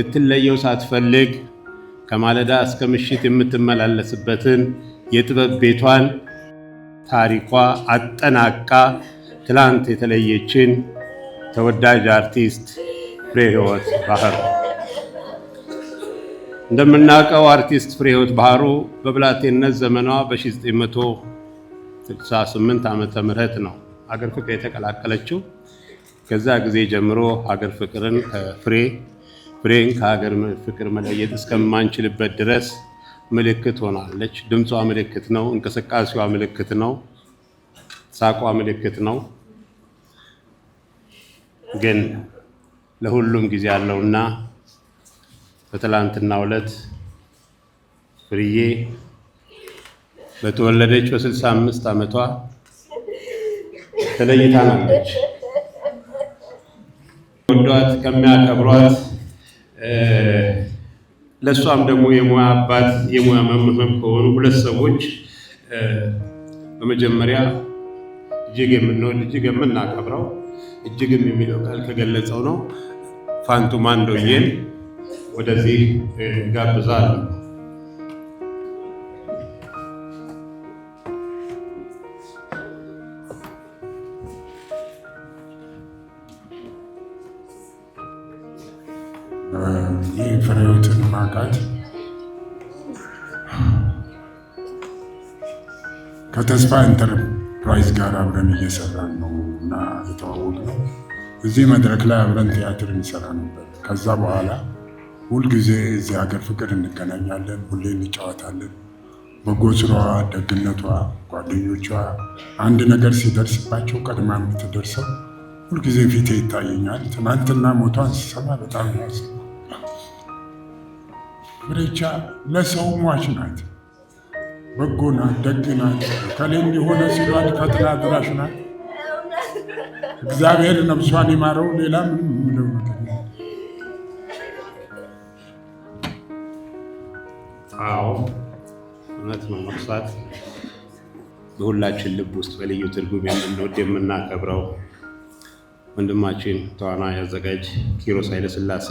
ልትለየው ሳትፈልግ ከማለዳ እስከ ምሽት የምትመላለስበትን የጥበብ ቤቷን ታሪኳ አጠናቃ ትላንት የተለየችን ተወዳጅ አርቲስት ፍሬህይወት ባህሩ። እንደምናውቀው አርቲስት ፍሬህይወት ባህሩ በብላቴነት ዘመኗ በ1968 ዓ ምህረት ነው አገር ፍቅር የተቀላቀለችው። ከዛ ጊዜ ጀምሮ አገር ፍቅርን ከፍሬ ብሬን ከሀገር ፍቅር መለየት እስከማንችልበት ድረስ ምልክት ሆናለች። ድምጿ ምልክት ነው። እንቅስቃሴዋ ምልክት ነው። ሳቋ ምልክት ነው። ግን ለሁሉም ጊዜ አለውና በትላንትና ዕለት ፍርዬ በተወለደች በስልሳ አምስት ዓመቷ ተለይታ ናለች። ወዷት ከሚያከብሯት ለእሷም ደግሞ የሙያ አባት የሙያ መምህር ከሆኑ ሁለት ሰዎች በመጀመሪያ እጅግ የምንወድ እጅግ የምናከብረው እጅግም የሚለው ቃል ከገለጸው ነው ፋንቱ ማንዶዬን ወደዚህ ጋብዛለሁ። ማውጣት ከተስፋ ኢንተርፕራይዝ ጋር አብረን እየሰራን ነው እና የተዋወቅ ነው። እዚህ መድረክ ላይ አብረን ቲያትር እንሰራ ነበር። ከዛ በኋላ ሁልጊዜ እዚህ ሀገር ፍቅር እንገናኛለን፣ ሁሌ እንጫወታለን። በጎ ስራዋ፣ ደግነቷ፣ ጓደኞቿ አንድ ነገር ሲደርስባቸው ቀድማ የምትደርሰው ሁልጊዜ ፊቴ ይታየኛል። ትናንትና ሞቷን ስሰማ በጣም ነው ኢሬቻ ለሰው ሟች ናት። በጎ ናት፣ ደግ ናት፣ ከሌ እንዲሆነ ሲሏል ፈጥና አድራሽ ናት። እግዚአብሔር ነፍሷን ይማረው። ሌላ ምንም የምለው ነገር አዎ፣ እውነት ነው። መርሳት በሁላችን ልብ ውስጥ በልዩ ትርጉም የምንወድ የምናከብረው ወንድማችን ተዋና ያዘጋጅ ኪሮስ ኃይለስላሴ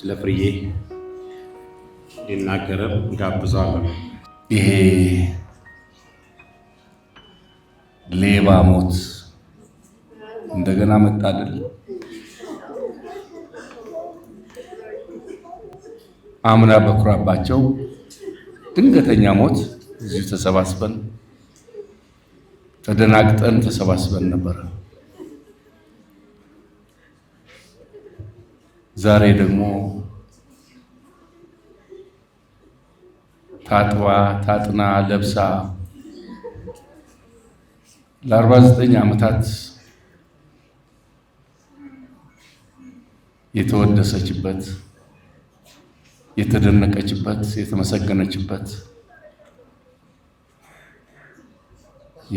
ስለ ፍርዬ ሊናገረን ጋብዛለሁ። ይሄ ሌባ ሞት እንደገና መጣ አይደል? አምና በኩራባቸው ድንገተኛ ሞት እዚሁ ተሰባስበን ተደናግጠን ተሰባስበን ነበር ዛሬ ደግሞ ታጥባ ታጥና ለብሳ ለ49 ዓመታት የተወደሰችበት የተደነቀችበት የተመሰገነችበት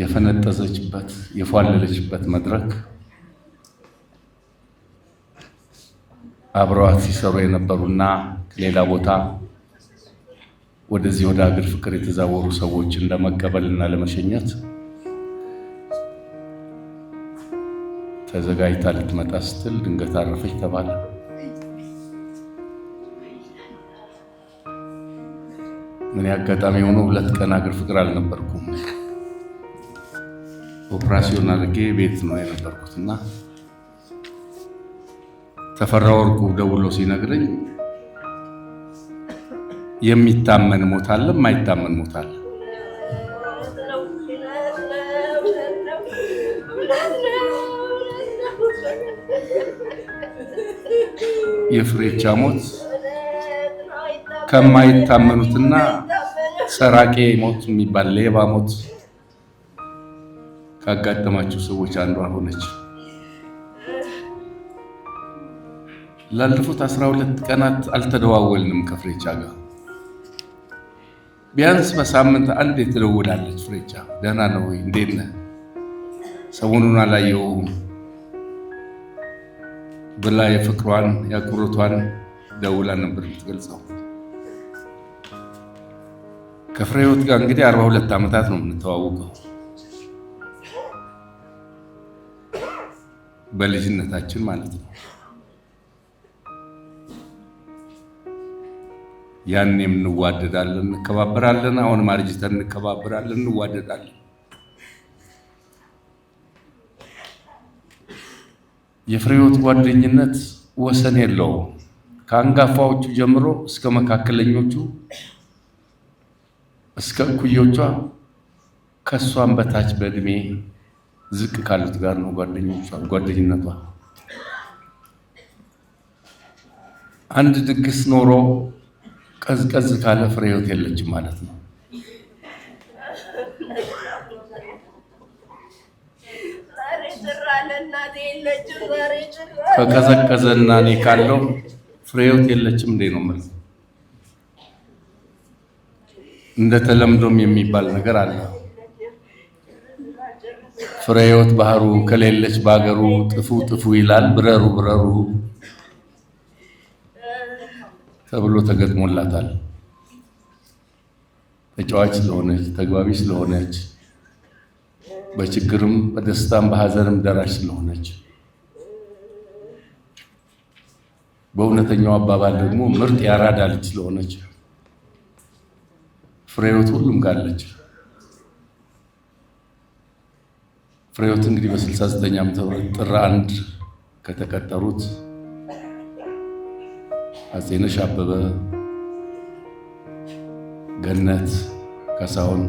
የፈነጠዘችበት የፏለለችበት መድረክ አብረዋት ሲሰሩ የነበሩና ከሌላ ቦታ ወደዚህ ወደ ሀገር ፍቅር የተዛወሩ ሰዎችን ለመቀበልና ለመሸኘት ተዘጋጅታ ልትመጣ ስትል ድንገት አረፈች ተባለ። እኔ አጋጣሚ የሆነ ሁለት ቀን ሀገር ፍቅር አልነበርኩም። ኦፕራሲዮን አድርጌ ቤት ነው የነበርኩትና ተፈራ ወርቁ ደውሎ ሲነግረኝ የሚታመን ሞት አለ፣ የማይታመን ሞት አለ። የፍሬቻ ሞት ከማይታመኑትና ሰራቄ ሞት የሚባል ሌባ ሞት ካጋጠማቸው ሰዎች አንዷ ሆነች። ላለፉት አስራ ሁለት ቀናት አልተደዋወልንም ከፍሬቻ ጋር። ቢያንስ በሳምንት አንድ ትደውላለች ፍሬቻ ደህና ነው ወይ? እንዴት ነህ? ሰሞኑን አላየሁም ብላ የፍቅሯን የአክብሮቷን ደውላ ነበር የምትገልጸው። ከፍሬ ህይወት ጋር እንግዲህ አርባ ሁለት ዓመታት ነው የምንተዋወቀው። በልጅነታችን ማለት ነው። ያኔም እንዋደዳለን፣ እንከባበራለን። አሁንም አርጅተን እንከባበራለን፣ እንዋደዳለን። የፍሬህይወት ጓደኝነት ወሰን የለውም። ከአንጋፋዎቹ ጀምሮ እስከ መካከለኞቹ እስከ እኩዮቿ ከእሷን በታች በእድሜ ዝቅ ካሉት ጋር ነው ጓደኞቿ ጓደኝነቷ። አንድ ድግስ ኖሮ ቀዝቀዝ ካለ ፍሬ ህይወት የለችም ማለት ነው። ከቀዘቀዘና እኔ ካለው ፍሬ ህይወት የለችም እንዴ ነው ማለት እንደ ተለምዶም የሚባል ነገር አለ። ፍሬ ህይወት ባህሩ ከሌለች በሀገሩ ጥፉ ጥፉ ይላል ብረሩ ብረሩ ተብሎ ተገጥሞላታል። ተጫዋች ስለሆነች፣ ተግባቢ ስለሆነች፣ በችግርም በደስታም በሀዘንም ደራሽ ስለሆነች በእውነተኛው አባባል ደግሞ ምርጥ ያራዳ ልጅ ስለሆነች ፍሬህይወት ሁሉም ጋር አለች። ፍሬህይወት እንግዲህ በ69 ዓመተ ምህረት ጥር አንድ ከተቀጠሩት አጼነሽ አበበ፣ ገነት ካሳሁን፣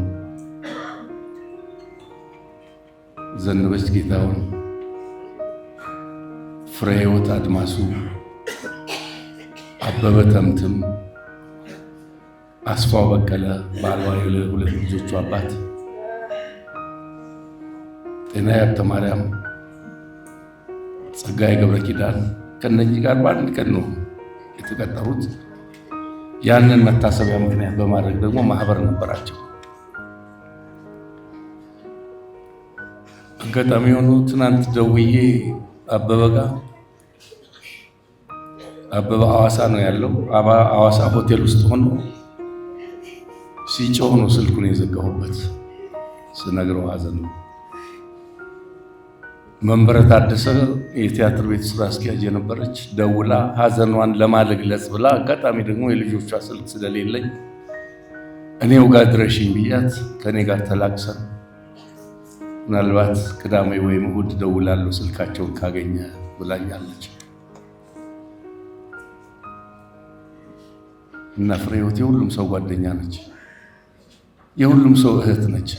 ዘነበች ጌታሁን፣ ፍሬህይወት አድማሱ፣ አበበ ተምትም፣ አስፋው በቀለ ባልዋ ሁለት ልጆቹ አባት ጤና ሀብተ ማርያም፣ ጸጋዬ ገብረ ኪዳን ከነኚህ ጋር በአንድ ቀን ነው የተቀጠሩት ያንን መታሰቢያ ምክንያት በማድረግ ደግሞ ማህበር ነበራቸው። አጋጣሚ የሆኑ ትናንት ደውዬ አበበ ጋ አበበ ሐዋሳ ነው ያለው። ሐዋሳ ሆቴል ውስጥ ሆኖ ሲጮህ ነው ስልኩን የዘጋሁበት ስነግረው ሀዘን ነው። መንበረ ታደሰ የቲያትር ቤት ስራ አስኪያጅ የነበረች ደውላ ሀዘኗን ለማለግለጽ ብላ አጋጣሚ ደግሞ የልጆቿ ስልክ ስለሌለኝ እኔው ጋር ድረሽኝ ብያት ከእኔ ጋር ተላቅሰን ምናልባት ቅዳሜ ወይም እሁድ ደውላለሁ ስልካቸውን ካገኘ ብላኛለች እና ፍሬህይወት የሁሉም ሰው ጓደኛ ነች። የሁሉም ሰው እህት ነች።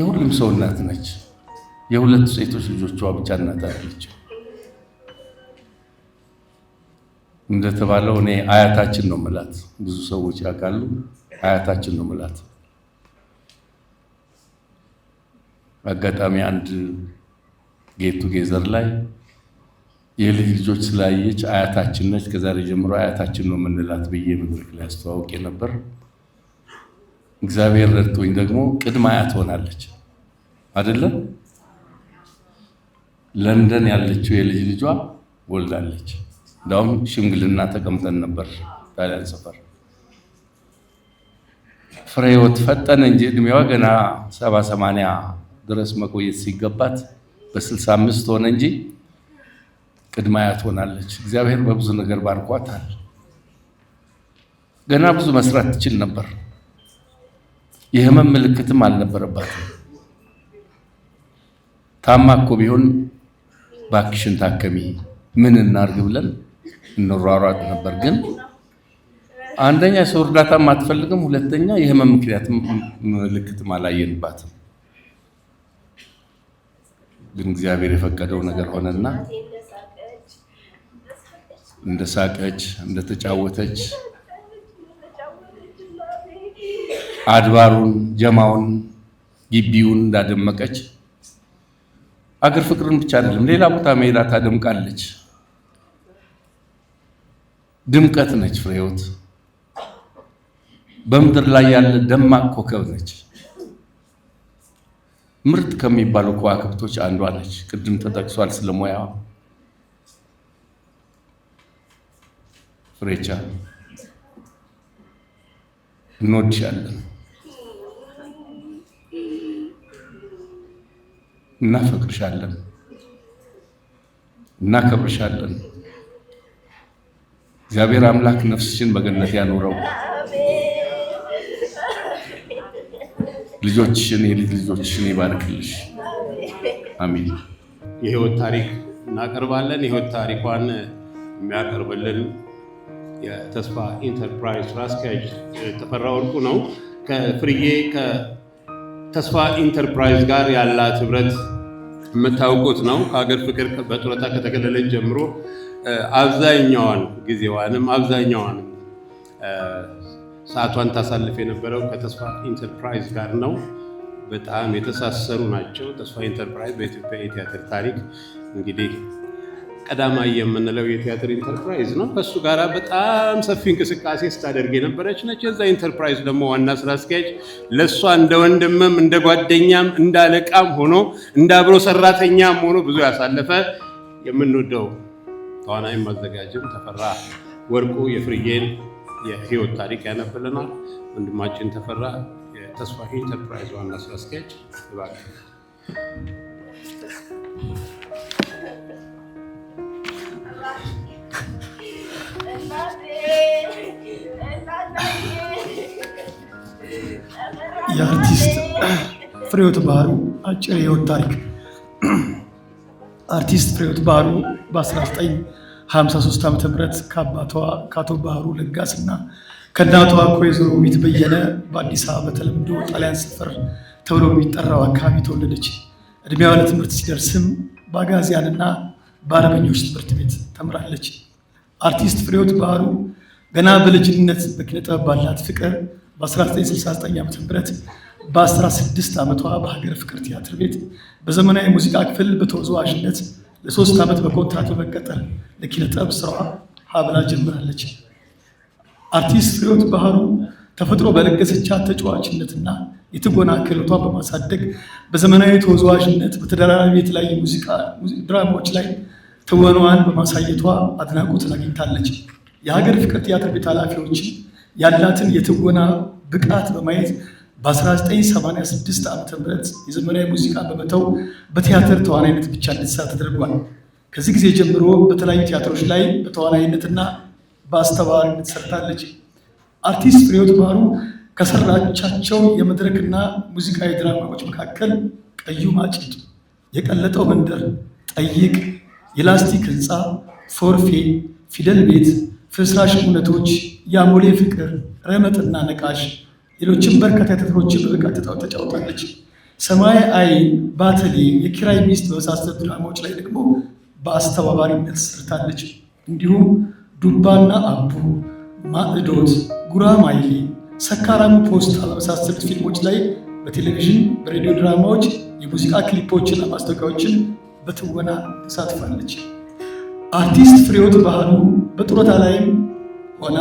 የሁሉም ሰው እናት ነች። የሁለት ሴቶች ልጆቿ ብቻ እናት አለችው። እንደተባለው እኔ አያታችን ነው ምላት፣ ብዙ ሰዎች ያውቃሉ። አያታችን ነው ምላት። አጋጣሚ አንድ ጌቱ ጌዘር ላይ የልጅ ልጆች ስላየች አያታችን ነች፣ ከዛሬ ጀምሮ አያታችን ነው የምንላት ብዬ መድረክ ላይ አስተዋውቄ ነበር። እግዚአብሔር ረድቶኝ ደግሞ ቅድመ አያት ሆናለች አይደለም ለንደን ያለችው የልጅ ልጇ ወልዳለች። እንዳውም ሽምግልና ተቀምጠን ነበር ጣሊያን ሰፈር። ፍሬህይወት ፈጠነ እንጂ እድሜዋ ገና ሰባ ሰማንያ ድረስ መቆየት ሲገባት በስልሳ አምስት ሆነ እንጂ ቅድማያ ሆናለች። እግዚአብሔር በብዙ ነገር ባርኳታል። ገና ብዙ መስራት ትችል ነበር። የህመም ምልክትም አልነበረባትም። ታማ እኮ ቢሆን ባክሽን ታከሚ ምን እናርግ ብለን እንሯሯጥ ነበር። ግን አንደኛ የሰው እርዳታም አትፈልግም፣ ሁለተኛ የህመም ምክንያት ምልክት አላየንባትም። ግን እግዚአብሔር የፈቀደው ነገር ሆነና እንደ ሳቀች እንደ ተጫወተች አድባሩን ጀማውን ግቢውን እንዳደመቀች አገር ፍቅርን ብቻ አይደለም፣ ሌላ ቦታ መሄዳ ታደምቃለች። ድምቀት ነች ፍሬ በምድር ላይ ያለ ደማቅ ኮከብ ነች። ምርጥ ከሚባሉ ከዋክብቶች አንዷ ነች። ቅድም ተጠቅሷል ስለ ሙያዋ ፍሬቻ። እንወድሻለን። እናፈቅርሻለን፣ እናከብርሻለን። እግዚአብሔር አምላክ ነፍስሽን በገነት ያኑረው። ልጆችሽን የልጅ ልጆችሽን ይባርክልሽ። አሚን። የህይወት ታሪክ እናቀርባለን። የህይወት ታሪኳን የሚያቀርብልን የተስፋ ኢንተርፕራይዝ ስራ አስኪያጅ ተፈራ ወርቁ ነው። ከፍርዬ ተስፋ ኢንተርፕራይዝ ጋር ያላት ህብረት የምታውቁት ነው። ከሀገር ፍቅር በጡረታ ከተገለለች ጀምሮ አብዛኛዋን ጊዜዋንም አብዛኛዋን ሰዓቷን ታሳልፍ የነበረው ከተስፋ ኢንተርፕራይዝ ጋር ነው። በጣም የተሳሰሩ ናቸው። ተስፋ ኢንተርፕራይዝ በኢትዮጵያ የቲያትር ታሪክ እንግዲህ ቀዳማ የምንለው የቲያትር ኢንተርፕራይዝ ነው። ከሱ ጋር በጣም ሰፊ እንቅስቃሴ ስታደርግ የነበረች ነች። የዛ ኢንተርፕራይዝ ደግሞ ዋና ስራ አስኪያጅ ለእሷ እንደ ወንድምም እንደ ጓደኛም እንደ አለቃም ሆኖ እንደ አብሮ ሰራተኛም ሆኖ ብዙ ያሳለፈ የምንወደው ተዋናይም አዘጋጅም ተፈራ ወርቁ የፍርዬን የህይወት ታሪክ ያነብልናል። ወንድማችን ተፈራ የተስፋ ኢንተርፕራይዝ ዋና ስራ አስኪያጅ እባክህ የአርቲስት ፍሬሕይወት ባህሩ አጭር የህይወት ታሪክ። አርቲስት ፍሬሕይወት ባህሩ በ1953 ዓ ም ከአባቷ ከአቶ ባህሩ ለጋስ እና ከእናቷ ከወይዘሮ ውቢት በየነ በአዲስ አበባ በተለምዶ ጣሊያን ሰፈር ተብሎ የሚጠራው አካባቢ ተወለደች። እድሜዋ ለትምህርት ሲደርስም በአጋዚያንና በአርበኞች ትምህርት ቤት ተምራለች። አርቲስት ፍሬዎት ባህሩ ገና በልጅነት በኪነ ጥበብ ባላት ፍቅር በ1969 ዓ ም በ16 ዓመቷ በሀገር ፍቅር ቲያትር ቤት በዘመናዊ ሙዚቃ ክፍል በተወዛዋዥነት ለሶስት ዓመት በኮንትራት በመቀጠር ለኪነጥበብ ስራዋ ሀብላ ጀምራለች። አርቲስት ፍሬሕይወት ባህሩ ተፈጥሮ በለገሰቻ ተጫዋችነትና የትጎና የተጎናክርቷ በማሳደግ በዘመናዊ ተወዛዋዥነት በተደራራቢ የተለያዩ ሙዚቃ ድራማዎች ላይ ትወናዋን በማሳየቷ አድናቆትን አግኝታለች። የሀገር ፍቅር ቲያትር ቤት ኃላፊዎች ያላትን የትወና ብቃት በማየት በ1986 ዓ ም የዘመናዊ ሙዚቃ በመተው በቲያትር ተዋናይነት ብቻ እንድትሰራ ተደርጓል። ከዚህ ጊዜ ጀምሮ በተለያዩ ቲያትሮች ላይ በተዋናይነትና በአስተባባሪነት ሰርታለች። አርቲስት ፍሬወት ባህሩ ከሰራቻቸው የመድረክና ሙዚቃዊ ድራማዎች መካከል ቀዩ ማጭድ፣ የቀለጠው መንደር፣ ጠይቅ፣ የላስቲክ ህንፃ፣ ፎርፌ፣ ፊደል ቤት፣ ፍርስራሽ እውነቶች፣ የአሞሌ ፍቅር፣ ረመጥና ነቃሽ፣ ሌሎችም በርካታ ተትሮችን በብቃት ተጫውታለች። ሰማይ አይን፣ ባተሌ፣ የኪራይ ሚስት በመሳሰሉ ድራማዎች ላይ ደግሞ በአስተባባሪነት ሰርታለች። እንዲሁም ዱባና አቡ፣ ማዕዶት ጉራማይሌ፣ ሰካራሙ ፖስታ በመሳሰሉት ፊልሞች ላይ በቴሌቪዥን በሬዲዮ ድራማዎች የሙዚቃ ክሊፖችና ማስታወቂያዎችን በትወና ተሳትፋለች። አርቲስት ፍሬወት ባህሉ በጡረታ ላይም ሆና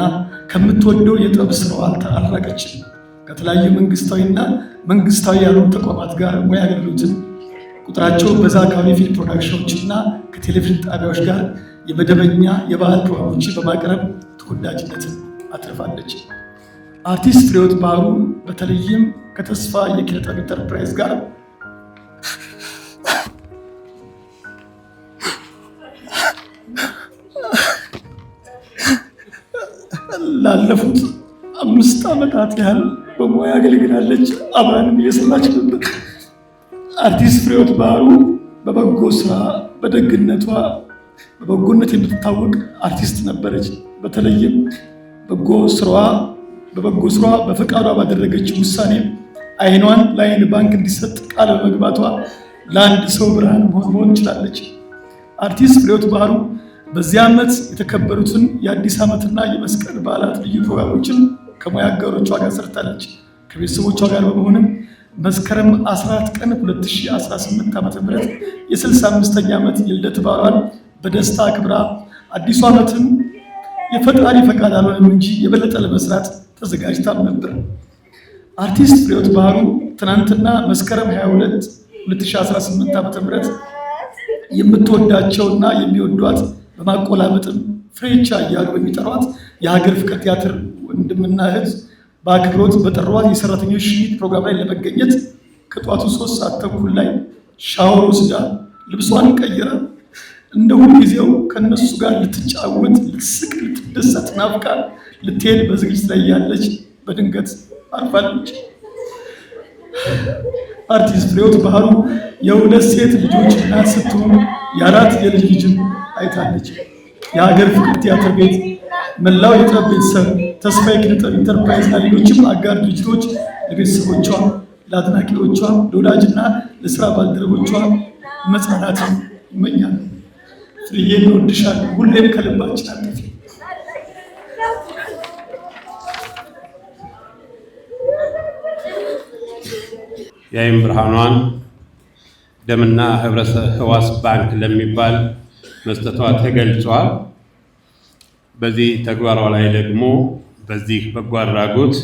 ከምትወደው የጥበብ ስራዋ አልተራራቀችም። ከተለያዩ መንግስታዊና መንግስታዊ ያሉ ተቋማት ጋር ሙያ አገልግሎትን ቁጥራቸው በዛ አካባቢ ፊልም ፕሮዳክሽኖችና ከቴሌቪዥን ጣቢያዎች ጋር የመደበኛ የባህል ፕሮግራሞችን በማቅረብ ተወዳጅነትን አትርፋለች። አርቲስት ፍሬሕይወት ባህሩ በተለይም ከተስፋ የኪነ ኢንተርፕራይዝ ጋር ላለፉት አምስት ዓመታት ያህል በሙያ አገልግላለች። አብራንም እየሰራች ነበር። አርቲስት ፍሬሕይወት ባህሩ በበጎ ስራ፣ በደግነቷ፣ በበጎነት የምትታወቅ አርቲስት ነበረች። በተለይም በጎ ስራዋ በበጎ ስራዋ በፈቃዷ ባደረገችው ውሳኔ አይኗን ለአይን ባንክ እንዲሰጥ ቃል በመግባቷ ለአንድ ሰው ብርሃን መሆን መሆን ችላለች። አርቲስት ፍሬሕይወት ባህሩ በዚህ ዓመት የተከበሩትን የአዲስ ዓመትና የመስቀል በዓላት ልዩ ፕሮግራሞችን ከሙያ አጋሮቿ ጋር ሰርታለች። ከቤተሰቦቿ ጋር በመሆንም መስከረም 14 ቀን 2018 ዓ ም የ65ኛ ዓመት የልደት በዓሏን በደስታ አክብራ አዲሱ ዓመትን የፈጣሪ ፈቃድ አልሆነም እንጂ የበለጠ ለመስራት ተዘጋጅታም ነበር። አርቲስት ፍሬሕይወት ባህሩ ትናንትና መስከረም 22 2018 ዓ.ም የምትወዳቸውና የሚወዷት በማቆላመጥም ፍሬቻ እያሉ በሚጠሯት የሀገር ፍቅር ቲያትር ወንድምና እህት በአክብሮት በጠሯት የሰራተኞች ሽኝት ፕሮግራም ላይ ለመገኘት ከጠዋቱ ሶስት ሰዓት ተኩል ላይ ሻወር ወስዳ ልብሷን ቀይራ እንደ ሁልጊዜው ከእነሱ ጋር ልትጫወት፣ ልትስቅ፣ ልትደሰት ናፍቃ ልትሄድ በዝግጅት ላይ ያለች በድንገት አርፋለች። አርቲስት ፍሬሕይወት ባህሩ የሁለት ሴት ልጆች እናት ስትሆን የአራት የልጅ ልጅን አይታለች። የሀገር ፍቅር ቲያትር ቤት፣ መላው የጥበብ ቤተሰብ፣ ተስፋ የኪነጥበብ ኢንተርፕራይዝ እና ሌሎችም አጋር ድርጅቶች ለቤተሰቦቿ፣ ለአድናቂዎቿ፣ ለወዳጅና ለስራ ባልደረቦቿ መጽናናትን ይመኛል። ጥዬ እንወድሻለን። ሁሌም ከልባችን አጥፊ የአይን ብርሃኗን ደምና ህብረተ ህዋስ ባንክ ለሚባል መስጠቷ ተገልጿል። በዚህ ተግባሯ ላይ ደግሞ በዚህ በጎ አድራጎት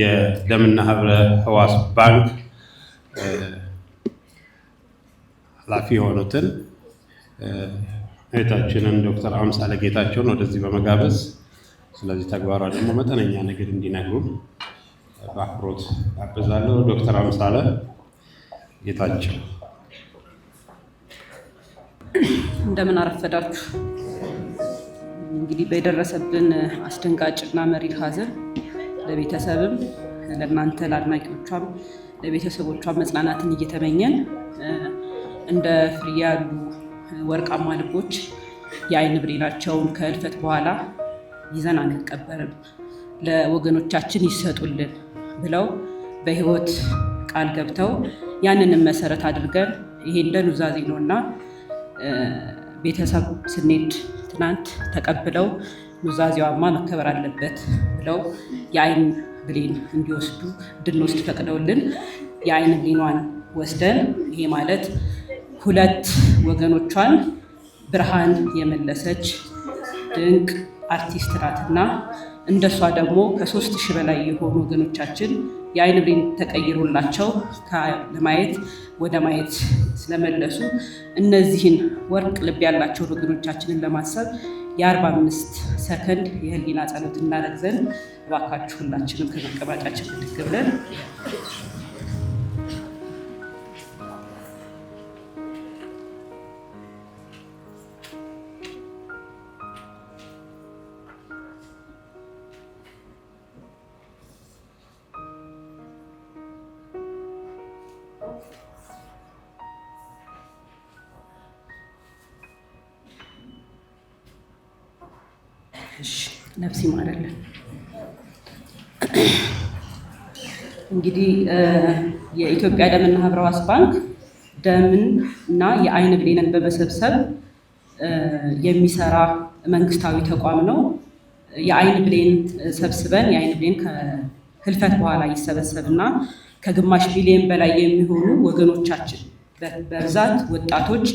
የደምና ህብረ ህዋስ ባንክ ኃላፊ የሆኑትን እህታችንን ዶክተር አምሳለ ጌታቸውን ወደዚህ በመጋበዝ ስለዚህ ተግባሯ ደግሞ መጠነኛ ነገር እንዲነግሩ በአክብሮት አበዛለሁ። ዶክተር አምሳለ ጌታቸው እንደምን አረፈዳችሁ። እንግዲህ በደረሰብን አስደንጋጭና መሪ ሐዘን ለቤተሰብም ለእናንተ ለአድናቂዎቿም ለቤተሰቦቿም መጽናናትን እየተመኘን እንደ ፍሬ ያሉ ወርቃማ ልቦች የአይን ብሌናቸውን ከህልፈት በኋላ ይዘን አንቀበርም፣ ለወገኖቻችን ይሰጡልን ብለው በህይወት ቃል ገብተው ያንንም መሰረት አድርገን ይሄ እንደ ኑዛዜ ነው እና ቤተሰብ ስንሄድ ትናንት ተቀብለው ኑዛዜዋማ መከበር አለበት ብለው የአይን ብሌን እንዲወስዱ እንድንወስድ ፈቅደውልን የአይን ብሌኗን ወስደን ይሄ ማለት ሁለት ወገኖቿን ብርሃን የመለሰች ድንቅ አርቲስት ናትና እንደሷ ደግሞ ከሶስት ሺህ በላይ የሆኑ ወገኖቻችን የአይን ብሌን ተቀይሮላቸው ለማየት ወደ ማየት ስለመለሱ እነዚህን ወርቅ ልብ ያላቸውን ወገኖቻችንን ለማሰብ የአርባ አምስት ሰከንድ የህሊና ጸሎት እናደርግ ዘንድ እባካችሁ ሁላችንም ከመቀመጫችን ብድግ ብለን ነፍስ ይማረልን። እንግዲህ የኢትዮጵያ ደምና ህብረ ባንክ ደምን እና የአይን ብሌንን በመሰብሰብ የሚሰራ መንግስታዊ ተቋም ነው። የአይን ብሌን ሰብስበን የአይን ብሌን ከህልፈት በኋላ ይሰበሰብና ከግማሽ ቢሊየን በላይ የሚሆኑ ወገኖቻችን በብዛት ወጣቶች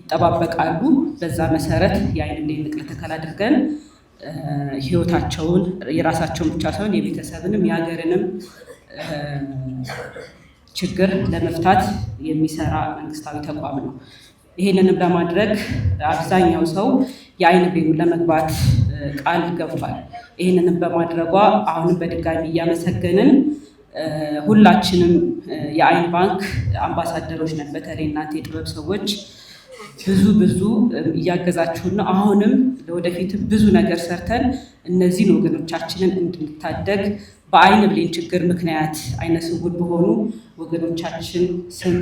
ይጠባበቃሉ። በዛ መሰረት የአይን ብሌን ንቅለ ተከላ አድርገን ህይወታቸውን የራሳቸውን ብቻ ሳይሆን የቤተሰብንም የሀገርንም ችግር ለመፍታት የሚሰራ መንግስታዊ ተቋም ነው። ይህንንም ለማድረግ አብዛኛው ሰው የአይን ቤኑን ለመግባት ቃል ገብቷል። ይህንንም በማድረጓ አሁንም በድጋሚ እያመሰገንን ሁላችንም የአይን ባንክ አምባሳደሮች ነን። በተለይ እናንተ የጥበብ ሰዎች ብዙ ብዙ እያገዛችሁን ነው። አሁንም ለወደፊት ብዙ ነገር ሰርተን እነዚህን ወገኖቻችንን እንድንታደግ በአይን ብሌን ችግር ምክንያት አይነ ስውር በሆኑ ወገኖቻችን ስም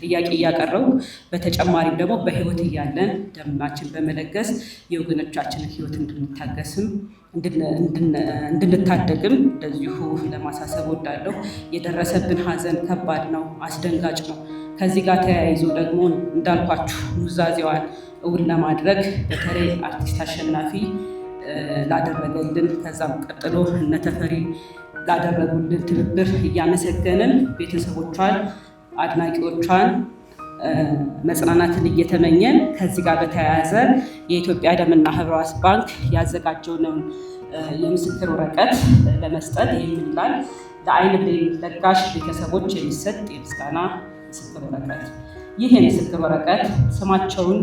ጥያቄ እያቀረቡ በተጨማሪም ደግሞ በህይወት እያለን ደማችን በመለገስ የወገኖቻችንን ህይወት እንድንታገስም እንድንታደግም እንደዚሁ ለማሳሰብ ወዳለሁ። የደረሰብን ሀዘን ከባድ ነው፣ አስደንጋጭ ነው። ከዚህ ጋር ተያይዞ ደግሞ እንዳልኳችሁ ኑዛዜዋን እውን ለማድረግ በተለይ አርቲስት አሸናፊ ላደረገልን ከዛም ቀጥሎ እነተፈሪ ላደረጉልን ትብብር እያመሰገንን ቤተሰቦቿን፣ አድናቂዎቿን መጽናናትን እየተመኘን ከዚህ ጋር በተያያዘ የኢትዮጵያ ደምና ህብረዋስ ባንክ ያዘጋጀውን የምስክር ወረቀት ለመስጠት ይህም ለአይን ለጋሽ ቤተሰቦች የሚሰጥ የምስጋና ምስክር ወረቀት። ይህ የምስክር ወረቀት ስማቸውን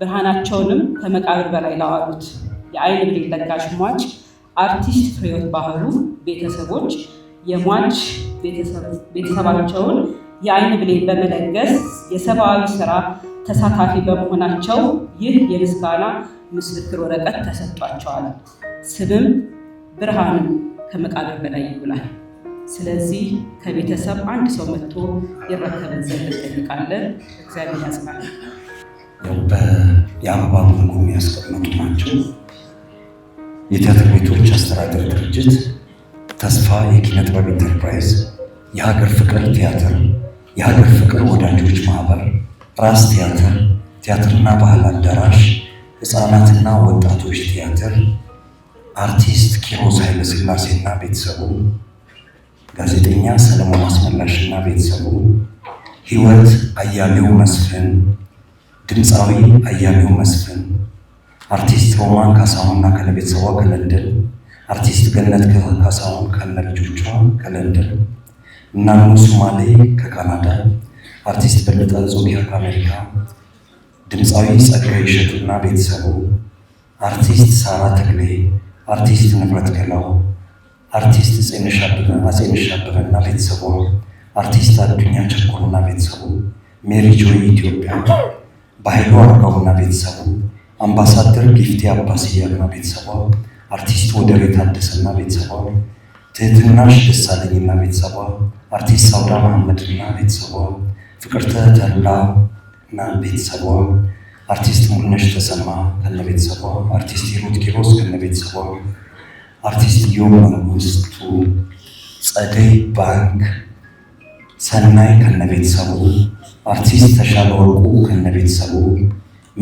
ብርሃናቸውንም ከመቃብር በላይ ላዋሉት የአይን ብሌን ለጋሽ ሟች አርቲስት ፍሬሕይወት ባህሩ ቤተሰቦች የሟች ቤተሰባቸውን የአይን ብሌን በመለገስ የሰብአዊ ስራ ተሳታፊ በመሆናቸው ይህ የምስጋና ምስክር ወረቀት ተሰጥቷቸዋል። ስምም ብርሃንም ከመቃብር በላይ ይውላል። ስለዚህ ከቤተሰብ አንድ ሰው መጥቶ ይረከብን ዘንድ እንጠይቃለን። እግዚአብሔር ያጽናል። የአበባ መልጎ የሚያስቀምጡ ናቸው። የቲያትር ቤቶች አስተዳደር ድርጅት፣ ተስፋ የኪነ ጥበብ ኢንተርፕራይዝ፣ የሀገር ፍቅር ቲያትር፣ የሀገር ፍቅር ወዳጆች ማህበር፣ ራስ ቲያትር፣ ቲያትርና ባህል አዳራሽ፣ ህፃናትና ወጣቶች ቲያትር፣ አርቲስት ኪሮስ ኃይለስላሴና ቤተሰቡ ጋዜጠኛ ሰለሞን አስመላሽና ቤተሰቡ፣ ህይወት አያሌው መስፍን፣ ድምፃዊ አያሌው መስፍን፣ አርቲስት ሮማን ካሳሁንና ከነቤተሰቧ ከለንደን፣ አርቲስት ገነት ካሳሁን ከነልጆቿ ከለንደን፣ እናኑ ሱማሌ ከካናዳ፣ አርቲስት በለጠ ዞቢያ ከአሜሪካ፣ ድምፃዊ ጸጋ ይሸቱና ቤተሰቡ፣ አርቲስት ሳራ ተክሌ፣ አርቲስት ንብረት ገላው አርቲስት ጸንሽ አበበና ቤተሰቡ፣ አርቲስት አዱኛ ቸኮልና ቤተሰቡ፣ ሜሪ ጆይ ኢትዮጵያ፣ በኃይሉ አርጋውና ቤተሰቡ፣ አምባሳደር ጊፍቴ አባስያና ቤተሰቧ፣ አርቲስት ወደሬ አደሰና ቤተሰቧ፣ ትህትናሽ ደሳለኝና ቤተሰቧ፣ አርቲስት ሳውዳ መሐመድና ቤተሰቧ፣ ፍቅርተ ተላ እና ቤተሰቧ አርቲስት ሙልነሽ ተሰማ ከነ አርቲስት ሂሩት ኪሮስ ከነ ቤተሰቧ አርቲስት ዮም መንግስቱ፣ ጸደይ ባንክ፣ ሰናይ ከነቤተሰቡ፣ አርቲስት ተሻለ ወርቁ ከነቤተሰቡ፣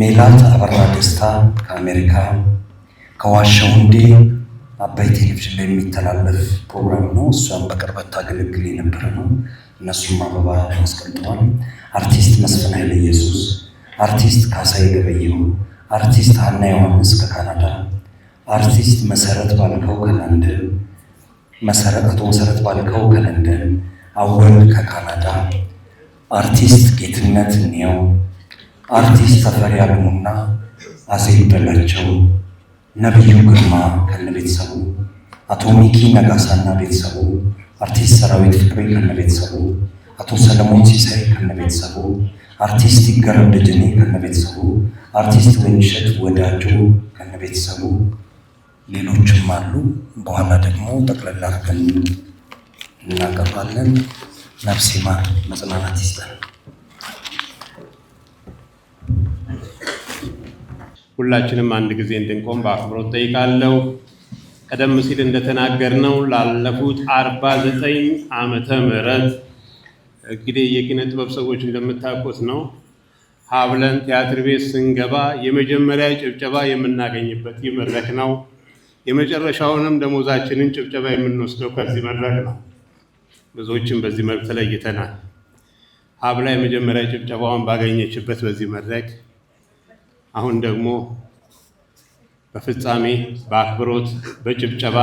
ሜላት አበራ ደስታ ከአሜሪካ ከዋሻውንዴ አባይ ቴሌቪዥን ላይ የሚተላለፍ ፕሮግራም ነው። እሷም በቅርበት ታገለግል የነበረ ነው። እነሱም አበባ አስቀምጠዋል። አርቲስት መስፍን ኃይለ ኢየሱስ፣ አርቲስት ካሳይ ገበየው፣ አርቲስት ሀና ዮሐንስ ከካናዳ አርቲስት መሰረት ባልከው ከለንደን፣ መሰረቱ መሰረት ባልከው ከለንደን፣ አወል ከካናዳ፣ አርቲስት ጌትነት እንየው፣ አርቲስት ተፈሪ አለሙና አሴ በላቸው፣ ነብዩ ግርማ ከነ ቤተሰቡ፣ አቶ ሚኪ ነጋሳና ቤተሰቡ፣ አርቲስት ሰራዊት ፍቅሬ ከነ ቤተሰቡ፣ አቶ ሰለሞን ሲሳይ ከነ ቤተሰቡ፣ አርቲስት ይገረም ደጀኔ ከነ ቤተሰቡ፣ አርቲስት ወንሸት ወዳጆ ከነ ቤተሰቡ ሌሎችም አሉ። በኋላ ደግሞ ጠቅለል አድርገን እናገባለን። ነፍሴ ይማር፣ መጽናናት ይስጠን። ሁላችንም አንድ ጊዜ እንድንቆም በአክብሮት ጠይቃለሁ። ቀደም ሲል እንደተናገርነው ላለፉት አርባ ዘጠኝ ዓመተ ምህረት እንግዲህ የኪነ ጥበብ ሰዎች እንደምታውቁት ነው ሀብለን ቲያትር ቤት ስንገባ የመጀመሪያ ጭብጨባ የምናገኝበት ይህ መድረክ ነው። የመጨረሻውንም ደሞዛችንን ጭብጨባ የምንወስደው ከዚህ መድረክ ነው። ብዙዎችም በዚህ መልክ ተለይተናል። ሀብላ የመጀመሪያ ጭብጨባውን ባገኘችበት በዚህ መድረክ አሁን ደግሞ በፍጻሜ በአክብሮት በጭብጨባ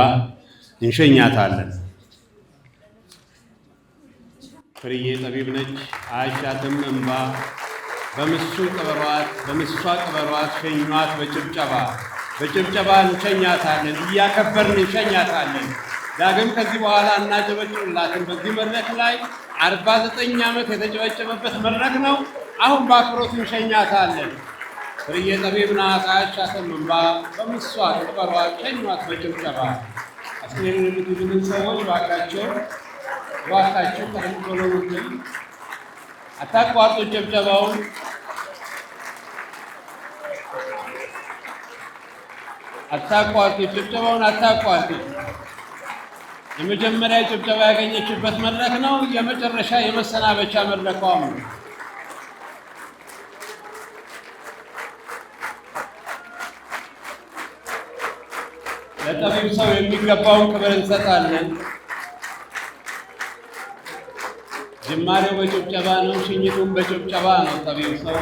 እንሸኛታለን። ፍርዬ ጠቢብ ነች፣ አያሻትም እንባ በምሱ ቅበሯት፣ በምሷ ቅበሯት፣ ሸኟት በጭብጨባ በጭብጨባ እንሸኛታለን፣ እያከበርን እንሸኛታለን። ዳግም ከዚህ በኋላ እናጨበጭብላትን። በዚህ መድረክ ላይ አርባ ዘጠኝ ዓመት የተጨበጨበበት መድረክ ነው። አሁን በአክብሮት እንሸኛታለን። ፍርዬ ጠቢብ ናት። አያሻትም በምሷ ተቀሯ ሸኟት በጭብጨባ። አስክሬኑን የምትይዙልን ሰዎች እባካቸው እባካቸው ከህንቆሎችን አታቋርጡ ጭብጨባውን አታቋርጡት፣ ጭብጨባውን አታቋርጡት። የመጀመሪያ ጭብጨባ ያገኘችበት መድረክ ነው። የመጨረሻ የመሰናበቻ መድረኳም ነው። ለጠቢብ ሰው የሚገባውን ክብር እንሰጣለን። ጅማሬው በጭብጨባ ነው። ሽኝቱም በጭብጨባ ነው። ጠቢብ ሰው